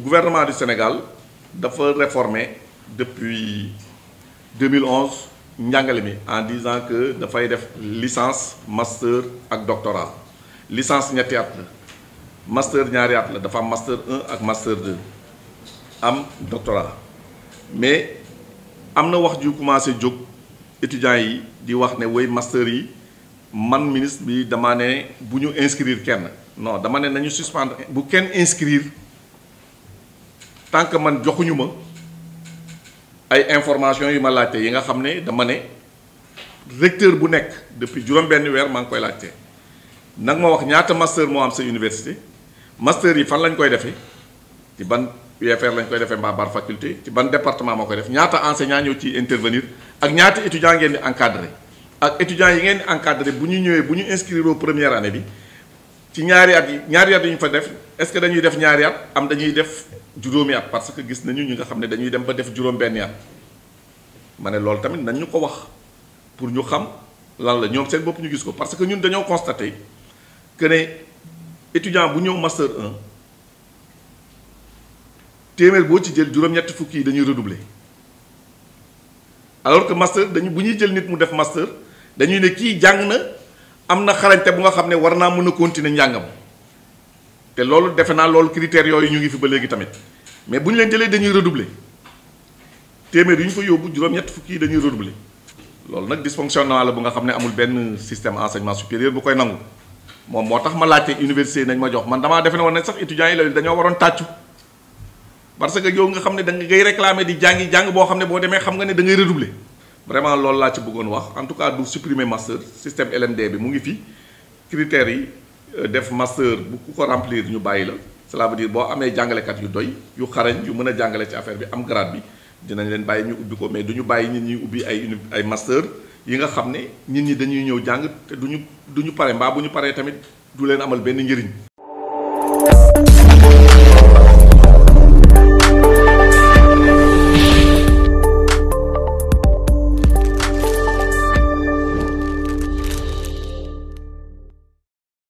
gouvernement du Sénégal dafa réformer depuis 2011 en disant que fallait def licence master ak doctorat licence ñetti master ñaari at la master 1 ak master 2 am doctorat mais am na wax ju commencé jóg étudiants yi di wax ne way master yi man ministre bi dama ne bu inscrire kenn non dama ne nañu suspendre bu kenn inscrire tant que man joxuñuma ay information yu ma laajte yi nga xamné dama né recteur bu nek depuis juróom ben wèr maa ngi koy laajte nak ma wax ñaata master mo am sa université master yi fan lañ koy défé ci ban UFR lañ koy défé mbaa bar faculté ci ban département mo koy def ñaata enseignant ñoo ci intervenir ak ñaata étudiant ngeen di encadrer ak étudiant yi ngeen di encadré bu ñu ñëwé bu ñu inscrire au première année bi ci ñaari at yi ñaari at yi ñu fa def est-ce que dañuy def ñaari at am dañuy def juróomi at parce que gis nañu ñi nga xam ne dañuy dem ba def juróom-benni at ma ne loolu tamit nañ ko wax pour ñu xam lan la ñoom seen bopp ñu gis ko parce que ñun dañoo constaté que ne étudiant bu ñëw master téeméer boo ci jël juróom-ñetti fukki yi dañuy redoubler alors que master dañu bu ñuy jël nit mu def master dañuy ne kii jàng na am na xarañte bu nga xam ne war naa mën a continuer njàngam. te loolu defe naa loolu critères yooyu ñu ngi fi ba léegi tamit mais bu ñu leen jëlee dañuy redoubler téeméer yu ñu fa yóbbu juróom-ñett fukki dañuy redoubler loolu nag dysfonctionnement la bu nga xam ne amul benn système enseignement supérieur bu koy nangu moom moo tax ma laajte université nañ ma jox man damaa defe ne woon ne sax étudiants yi loolu dañoo waroon tàccu parce que yow nga xam ne da ngay réclamer di jàngi jàng boo xam ne boo demee xam nga ne da ngay redoubler vraiment laa ci wax en tout cas du supprimer master système bi mu ngi fi critères yi. Euh, def master bu ku ko remplir ñu bàyyi la cela veut dire boo amee jàngalekat yu doy yu xarañ yu mën a jàngale ci affaire bi am grade bi dinañ leen bàyyi ñu ubbi ko mais du ñu bàyyi nit ñi ubbi ay uni ay master yi nga xam ne nit ñi dañuy ñëw jàng te du ñu du ñu pare mbaa bu ñu paree tamit du leen amal benn njëriñ